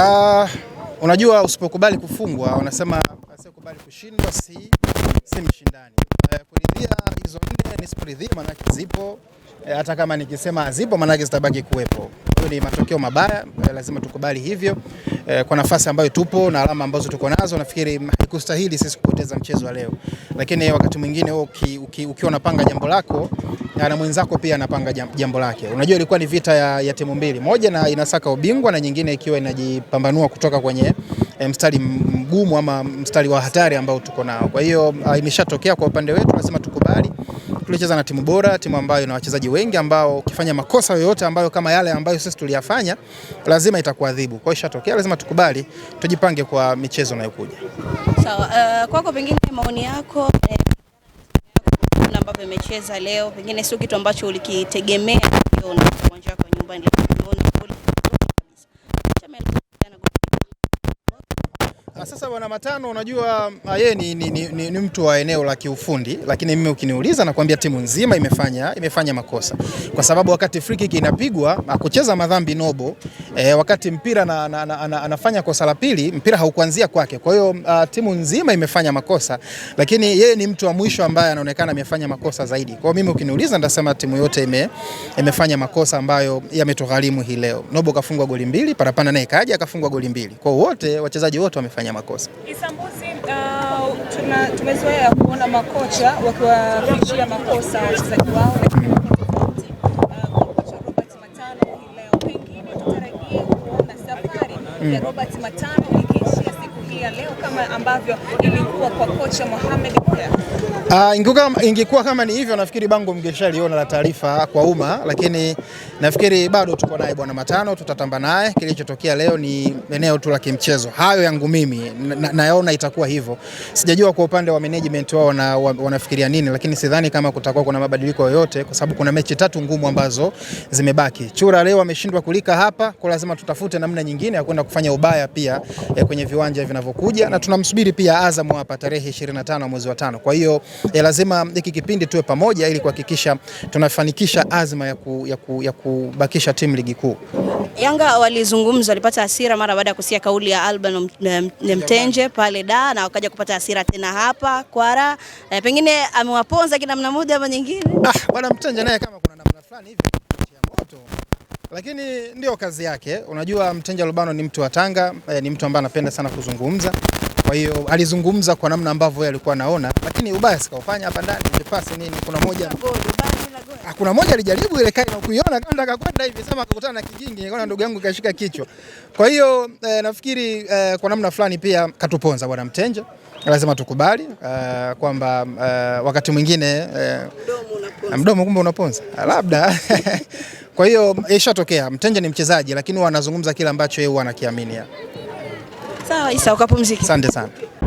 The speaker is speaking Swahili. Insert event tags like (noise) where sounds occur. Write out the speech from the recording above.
Uh, unajua usipokubali kufungwa wanasema asiyekubali kushindwa si, si mshindani. Uh, kuridhia hizo nne nisiporidhia maanake zipo, eh, hata uh, kama nikisema hazipo maanake zitabaki kuwepo. Hiyo ni matokeo mabaya, eh, lazima tukubali hivyo eh, kwa nafasi ambayo tupo na alama ambazo tuko nazo, nafikiri haikustahili sisi kupoteza mchezo wa leo, lakini wakati mwingine uki, uki, ukiwa unapanga jambo lako na mwenzako pia anapanga jambo lake. Unajua, ilikuwa ni vita ya, ya timu mbili, moja na inasaka ubingwa na nyingine ikiwa inajipambanua kutoka kwenye e, mstari mgumu ama mstari wa hatari ambao tuko nao. Kwa hiyo ah, imeshatokea kwa upande wetu, lazima tukubali tulicheza na timu bora, timu ambayo ina wachezaji wengi ambao ukifanya makosa yoyote ambayo kama yale ambayo sisi tuliyafanya lazima itakuadhibu. Kwa hiyo ishatokea, lazima tukubali, tujipange kwa michezo inayokuja. Sawa. So, uh, eh, kwako pengine maoni yako eh, ambavyo imecheza leo pengine sio kitu ambacho ulikitegemea uwanja wako nyumbani. sasa bwana Matano, unajua ah, yeye ni, ni, ni, ni ni mtu wa eneo la kiufundi, lakini mimi ukiniuliza nakwambia timu nzima imefanya, imefanya makosa kwa sababu wakati free kick inapigwa akucheza ah, madhambi Nobo e, wakati mpira na, na, na, na, anafanya kosa la pili mpira haukuanzia kwake. Kwa hiyo uh, timu nzima imefanya makosa, lakini yeye ni mtu wa mwisho ambaye anaonekana amefanya makosa zaidi. Kwa hiyo mimi ukiniuliza ndasema timu yote ime, imefanya makosa ambayo yametugharimu hii leo. Nobo kafungwa goli mbili, Parapanda naye kaja akafungwa goli mbili. Kwa wote wachezaji wote wamefanya makosa. Isambuzi, uh, tumezoea kuona makocha wakiwafichia makosa wachezaji wao uh, ya mm. Robert Matano ikiishia siku hii ya leo kama ambavyo ilikuwa kwa kocha Mohamed Uh, ah, ingekuwa, ingekuwa kama ni hivyo nafikiri bango mngeshaliona la taarifa kwa umma, lakini nafikiri bado tuko naye bwana Matano, tutatamba naye. Kilichotokea leo ni eneo tu la kimchezo, hayo yangu mimi nayaona na itakuwa hivyo. Sijajua kwa upande wa management wao wana, wanafikiria nini, lakini sidhani kama kutakuwa kuna mabadiliko yoyote, kwa sababu kuna mechi tatu ngumu ambazo zimebaki. Chura leo ameshindwa kulika hapa, kwa lazima tutafute namna nyingine ya kwenda kufanya ubaya pia eh, kwenye viwanja vinavyokuja, na tunamsubiri pia Azam hapa tarehe 25 mwezi wa tano. Kwa hiyo eh, lazima hiki kipindi tuwe pamoja ili kuhakikisha tunafanikisha azma ya, ku, ya, ku, ya kubakisha timu ligi kuu. Yanga walizungumza, walipata hasira mara baada ya kusikia kauli ya Alban Mtenje pale da, na wakaja kupata hasira tena hapa Kwara. E, pengine amewaponza kinamna namna moja ama nyingine. Ah, bwana Mtenje naye kama kuna namna fulani hivi ya moto lakini ndio kazi yake. Unajua, Mtenja Lubano ni mtu wa Tanga, eh, ni mtu ambaye anapenda sana kuzungumza, kwa hiyo alizungumza kwa namna ambavyo alikuwa anaona, lakini ubaya sikaufanya hapa ndani, nipasi nini, kuna moja kuna ah, moja alijaribu ile kai na kuiona kama nataka kwenda hivi, sema akakutana na kijingi, nikaona ndugu yangu kashika kichwa. Kwa hiyo eh, nafikiri eh, kwa namna fulani pia katuponza bwana Mtenje, lazima tukubali eh, kwamba eh, wakati mwingine eh, mdomo kumbe unaponza ah, labda (laughs) kwa hiyo ishatokea. Mtenje ni mchezaji, lakini wanazungumza kile ambacho yeye anakiamini. Sawa Isa, ukapumzike. Asante sana.